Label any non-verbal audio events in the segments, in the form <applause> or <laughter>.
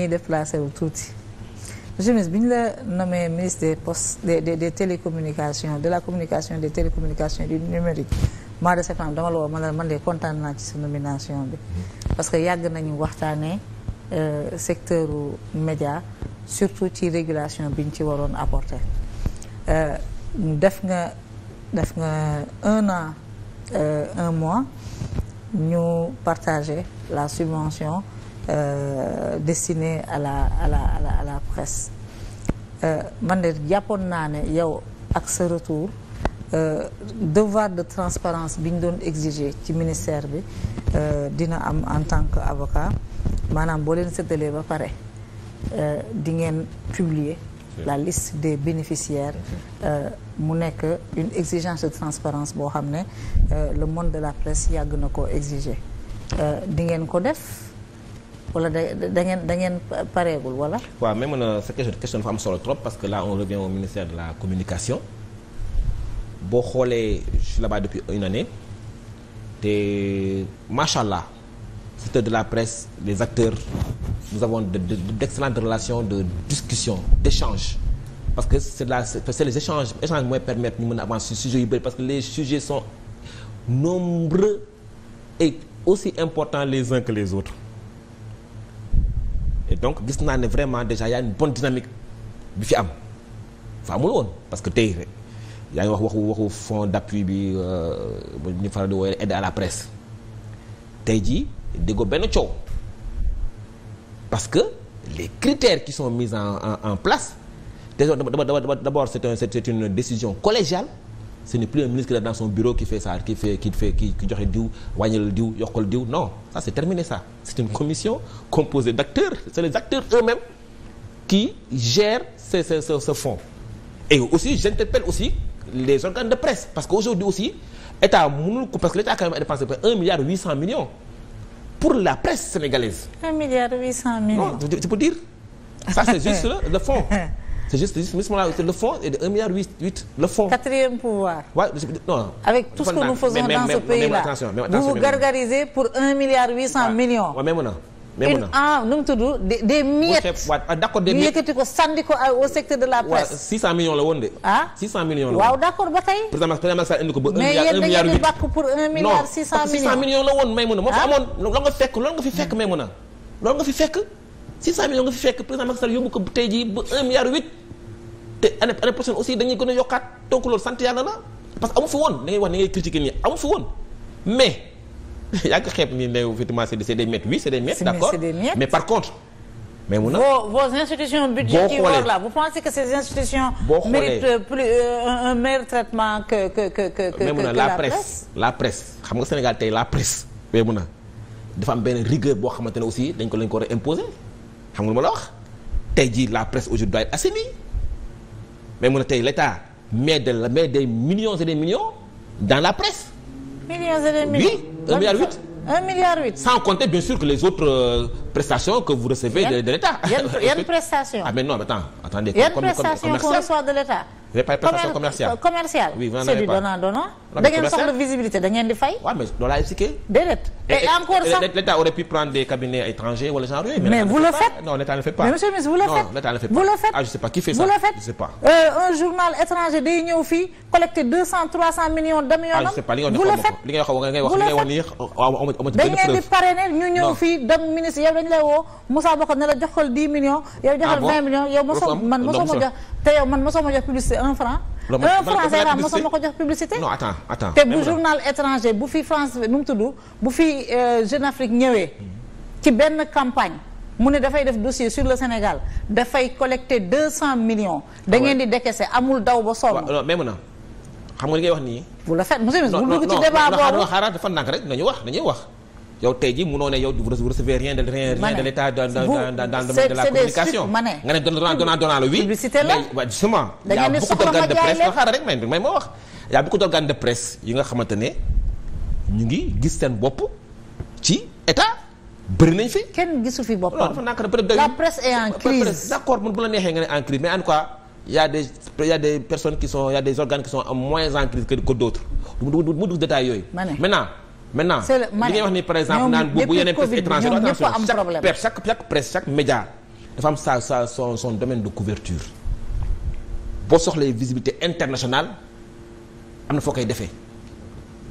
dañuy déplacé wu tuuti monsieur bi ñu la nommé ministre des postes des des des télécommunications de la communication de télécommunications du numérique mois de septembre dama la woo man la man de kontaan naa ci sa nomination bi parce que yàgg nañu waxtaanee euh, secteur média surtout ci régulation bi ñu ci waroon apporter euh, def nga def nga un an euh, un mois ñu partager la subvention Euh, destiné à la à la à la, à euh, man de jàppoon naa ne yow ak sa retour euh, devoir de transparence bi ñu doon exiger ci ministère bi dina am en tant que avocat maanaam boo leen séddalee ba pare di ngeen publier la liste des bénéficiaires mu nekk une exigence de transparence boo xam ne le monde de la presse yàgg na ko exiger di ngeen ko def wala da da ngeen da ngeen pareegul wala. waaw même na sa question question dafa am solo trop parce que là on revient au ministère de la communication boo xoolee je suis là-bas depuis une année te macha allah de la presse des acteurs nous avons de, de, d'excellentes relations de discussion d'échange parce que c'est la c'est les échanges échange mooy permettre ñu mën a avancer sujets yu bëri parce que les sujets sont nombreux et aussi importants les uns que les autres donc gis naa ne vraiment déjà y a une bonne dynamique bi fi am fa amul parce que tey yaa ngi wax waxu waxu fonds d'appui bi euh, ñu faral di woowee aide à la presse tey jii ko benn coow parce que les critères qui sont mise en en, en place déjà d'abord c'est un c'est une décision collégiale ce n'est plus un ministre qui est dans son bureau qui fait ça qui fait qui fait qui joxe diw wàññil diw yokkal diw non ça c'est terminé ça c'est une commission composée d'acteurs c'est les acteurs eux-mêmes qui gèrent ce ce fonds et aussi j'interpelle aussi les organes de presse parce que aujourd'hui aussi état mënul parce que l'état quand même a dépensé près 1 milliard 800 pour la presse sénégalaise 1 milliard 800 millions non <laughs> <laughs> c'est juste juste le fonds est de 1 milliard 8 8 le fonds. quatrième pouvoir. waaw non. avec tout ce que nous faisons dans ce pays là vous vous gargarisez pour 1 milliard 800 millions. waaw même na. même na ah nu mu tudd des des miettes. waaw ah, d'accord des miettes yëkkati de la presse. waaw 600 millions la woon de. ah 600 millions la woon waaw d'accord ba tey. président Macky Sall indi ko ba 1 milliard pour 1 milliard 600 millions la woon may mu na. ah moo fi ah? amoon loo nga fekk loolu nga nga fi fekk. 600 millions nga fi fekk président Macky Sall yóbbu ko tey jii ba 1 milliard 8 te année année prochaine aussi dañuy gën a yokkaat donc loolu sant yàlla la parce que amu fi woon da ngay wax ni ngay critiquer nii amu fi woon mais <laughs> yaa ngi xeeb ni ne effectivement c'est des miettes oui c'est des miettes mais par contre mais mun na que que la, la la presse xam nga Sénégal tey la presse. mais mun na dafa am benn rigueur boo xamante ne aussi dañ ko lañ ko war a xam nga ma la wax tey jii la presse aujourd'hui doit être assainie mais mu ne tey l'État met de la met de millions et des millions dans la presse. millions et des millions oui un milliard huit. un milliard sans compter bien sûr que les autres euh, prestations vous recevez. de de l'État. <laughs> Ah, non attends attendez. yan prestations qu'on reçoit de l'État. Commercial. commercial. Oui, vous da soxla visibilité da di fay. waaw mais loolu expliqué. déedéet et encore sax l' état aurait prendre des cabinets étrangers wala genre yooyu. mais vous le faites non l' ne fait pas. mais monsieur ministre vous le faites non ne fait pas. Ah, je sais pas qui fait ça. pas. Euh, un journal étranger day ñëw fii collecter deux cent trois cent millions ah, li nga wax li nga wax li nga wax li nga wax nii amatu benn preuve. dañ leen di parrainer ñu ñëw fii dem ministre yow un franc CFA mosuma ko jox publicité. non attends attends te bu journal étranger bu fi France nu mu tudd bu fi euh, Jeune Afrique ñëwee. ci benn campagne. mu ne dafay def dossier sur le Sénégal dafay collecter deux cent millions. Ah da ngeen di décaisser amul daw ba sonn. waaw non même na xam nga li ngay wax nii. bu la fekk monsieur le ministre bu dugg ci débat boobu non xaaral dafa ndànk rek nañu wax nañuy wax. yow tey ji munoo ne yow vous recevez rien de rien l'état dans dans le de la communication nga ne donnaa donnaa la oui publicité la mais justement il de presse yi nga xamante ne ñu ngi gis seen bopp ci état bëri nañ fi kenn gisu fi boppam dafa nàkk peut la presse est en crise d'accord mun bu la neexee nga ne en crise mais en quoi il y a qui sont il y a qui sont moins en crise que d'autres du mu dugg détail yooyu maintenant maintenant li ngay wax ni par exemple naan bu bu yeneen presse étrangère attention chaque chaque chaque presse chaque média dafa am sa sa son son domaine de couverture boo soxlee visibilité internationale am na foo koy defee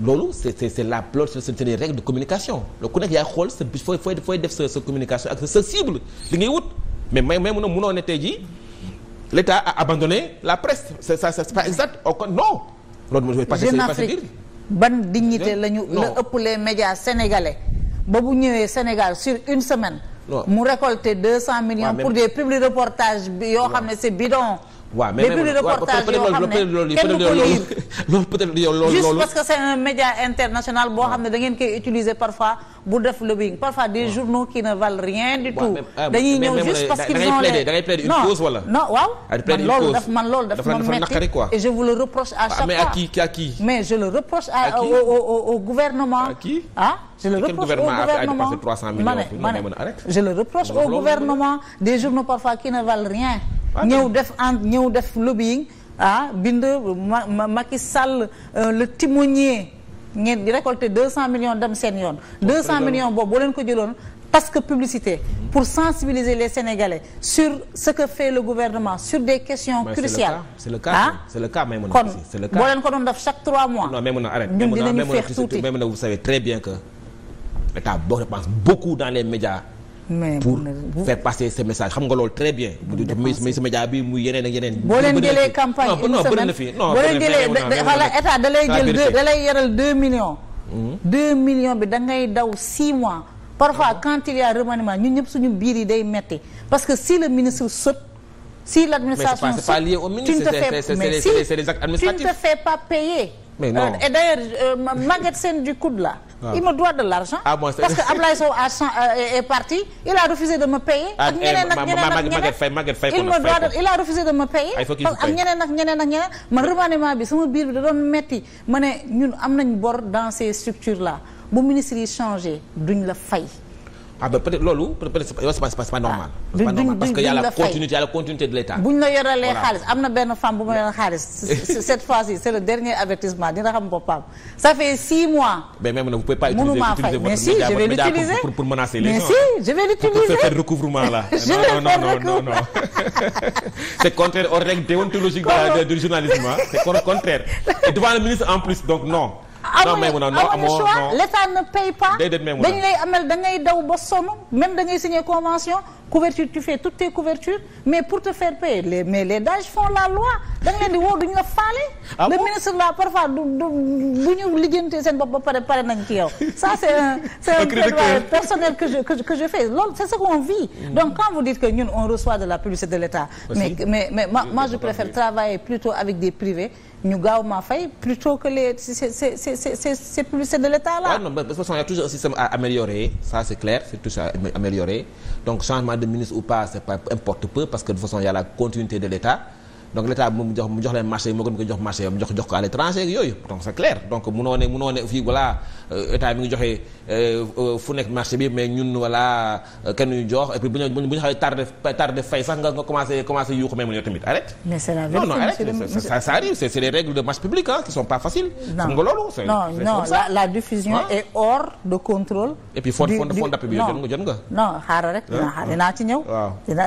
loolu c' est c' la plot c' est des de communication loolu ku nekk yaay xool sa bis fooy fooy def sa communication ak sa cible li ngay wut mais may may mun a munoo ne tey ji l' état a la presse sa est ça c' est pas exact au non loolu ban dignité la ñu la ëpp les médias sénégalais ba bu ñëwee Sénégal sur une semaine mu récolter deux cent millions pour des publi reportages bi yoo xam ne c'est bidon waaw mais même reportage yoo xam ne kenn ko lire loolu <laughs> peut que c'est un média international boo xam ne da ngeen koy utiliser parfois bu def lobbying parfois des journaux qui ne valent rien du tout ah, dañuy ñëw juste parce qu'ils ont les da ngay plaider wala non waaw ah, man loolu daf man loolu daf ma metti quoi et je vous le reproche à ah, chaque fois je le reproche à au au au je le reproche au gouvernement ma ne ma ne je le rien ñëw def en ñëw def lobbying ah bind ma Sall euh, le timonier ngeen di récolter deux cent millions dem seen yoon deux cent millions boobu boo leen ko jëloon parce que publicité mhm. pour sensibiliser les Sénégalais sur ce que fait le gouvernement sur des questions cruciales c'est le cas c'est le cas ah? kon boo leen ko doon def chaque trois mois non Maïmouna arrête ñun dinañu feex tuuti Maïmouna vous savez très bien que l'État boo dans les médias mais pour faire passer ce message xam nga loolu très bien. muy muy si média bi muy yeneen ak yeneen. boo leen jëlee campagne boo leen jëlee état da lay jël da lay yeral millions. 2 mhm. millions bi da daw 6 mois. parfois mhm. quand il y a remaniement ñëpp suñu biir yi day metti parce que si le ministre saute. si l' administration mais c' pas, payer. mais non euh, euh, du coude là. Ah. il me doit de l'argent ah, parce que Ablaye Sow euh, est a refusé de me payer ak ñeneen ak ñeneen ak ñeneen il me doit il a refusé de me payer ak ah, ñeneen ak ñeneen ak ñeneen man remaniement bi sama biir bi da doon metti ma ne ñun am nañ bor dans ces structures là bu ministre yi changé duñ la fay ah ba peut être loolu peut être c'est pas normal. Ah, c'est pas normal parce que y a la continuité y a la continuité de l'état buñ la yoralee xaalis am na benn femme bu ma yoral xaalis. <laughs> cette fois ci c'est le dernier avertissement dina xam boppam. ça fait 6 mois. mais même vous pouvez pas utiliser utiliser mais si je vais l'utiliser pour pour menacer les gens. mais si je vais l'utiliser pour faire recouvrement là. <laughs> non non non non <laughs> c'est contraire aux règles déontologiques du journalisme c'est contraire et devant le ministre en plus donc non. amuñu ah, ah, choix l'État ne paye pas dañ lay amal da ngay daw ba sonn même da ngay signer convention couverture tu fais toutes tes couvertures pour te faire payer les mais les DAGE font la loi da nga leen di woo duñu ah le ministre là parfois du du ñu lijjantee seen bopp ba pare pare nañ ci yow ça c'est un c'est un plaidoyer personnel je fais loolu c'est ce qu'on mm. donc quand vous dites que ñun on reçoit de la publicité de l'État mais mais mais je préfère travailler plutôt avec des privés ñu gaaw maa fay plutôt que les c'est c'est c'est c'est de l'État là. waaw non de façon y a toujours un système à améliorer ça c'est clair c'est tout ça amélioré donc changement de ministre ou pas c'est pas importe peu parce que de façon y a la continuité de l'État donc l'état mu jox mu jox leen marché yi moo gën ko jox marché yam jox ko à l'étranger yooyu donc c'est clair donc munoo ne munoo ne fii voilà euh, état ngi joxee euh, euh, fu nekk marché bi mais ñun voilà kenn ñu jox et puis bu c'est la vérité de marché public qui sont pas faciles. non nga loolu c'est non xaaral rek dinaa ci ñëw. waaw bëgg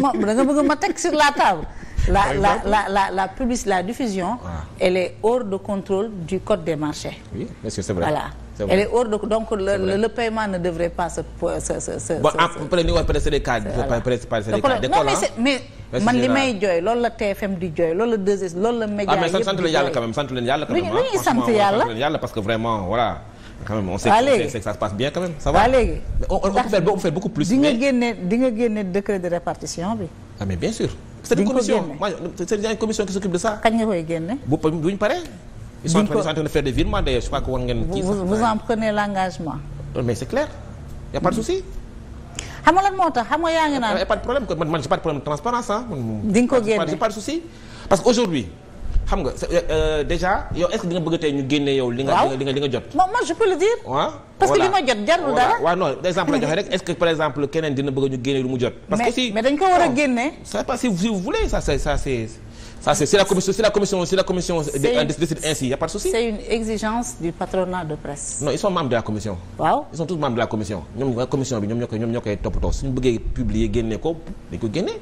ma da bëgg ma teg sur la table. <laughs> la la la la la publicité la diffusion. Ah. elle est hors de contrôle du code des marchés. oui est-ce que c'est vrai voilà. Est elle est hors de donc le, le, le paiement ne devrait pas se se se se. bon après ni nga wax précédé cas mais man li may jooy loolu la TFM di jooy loolu la 2S loolu la. média yëpp di jooy ah mais sant parce que vraiment voilà. quand même on sait que ça se passe bien quand même. ça va waaw léegi. on on peut faire beaucoup plus. di nga génne di nga génne décret de répartition bi. ah mais c'est une commission qui s'occupe de ça. kañ nga koy génne. bu bu ñu paree. ils sont en de faire des virements d'ailleurs je crois war ngeen. kii sax vous en prenez l'engagement. Euh, mais c'est clair y a pas de souci. xam lan moo tax xam yaa ngi naan. y a pas de problème man man j'ai pas de problème de transparence ah. di nga ko génne j'ai pas de souci parce que aujourd'hui xam nga euh, euh, déjà yow est-ce que di nga tey ñu génne yow. li nga li nga li jot. parce que li ma jot jarul dara. waaw non exemple la joxe rek que parce que si mais dañ ko war a génne. ça pas si vous voulez ça si la commission si la commission si décide ainsi y a pas de une exigence du patronat de presse. non ils sont membres de la commission. waaw ils sont tous membres de la commission ñoom ñoo koy ñoom ñoo koy toppatoo bëggee publier génne ko dañ ko génne.